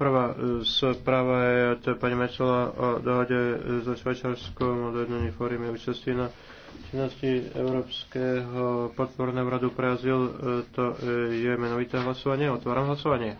Prvá správa e, je od pani Mečela o dohode e, so Švajčarskom o dojednaní fórum je účasti na činnosti Európskeho podporného radu pre azyl. E, to je menovité hlasovanie. Otváram hlasovanie.